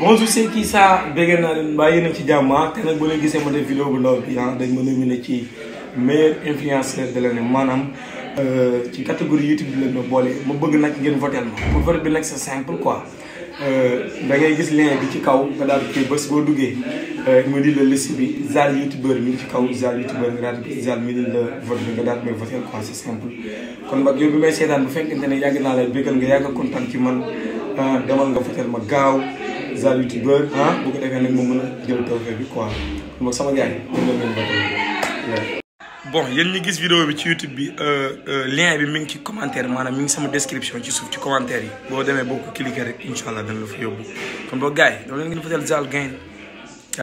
bonjour c'est qui ça dégg naa leen mbaa yéen a ci jàmm ah? te nag bu leen gisee ma def vidéo bu ndaw bi ah dañ ma nominé ci meilleur influenceur de l'année maanaam euh, ci catégorie YouTube bi leen ba boole ma bëgg nag ngeen votel ma pour vote bi nag sa simple quoi euh, da ngay gis lien bi ci kaw nga daal di bés boo duggee euh, di la liste bi Zal youtubeur mi ci kaw Zal bi nga daal di may votel quoi c'est simple kon nag yow bi may seetaan bu fekkente ne yàgg naa la bégal nga yàgg kontaan ci man ah, demal nga votel ma gaaw zaal yu ci bër ah bu ko defee nag mu mën a jël tawfeex bi quoi ñu ngi leen bon yéen ñi gis vidéo bi ci YouTube bi euh, euh, lien bi mi ngi ci commentaire maanaam mi ngi sama description ci suuf ci commentaire yi boo demee boo ko cliquer rek incha allah dana la fa yóbbu kon boo gars yi dama leen gën a zaal gain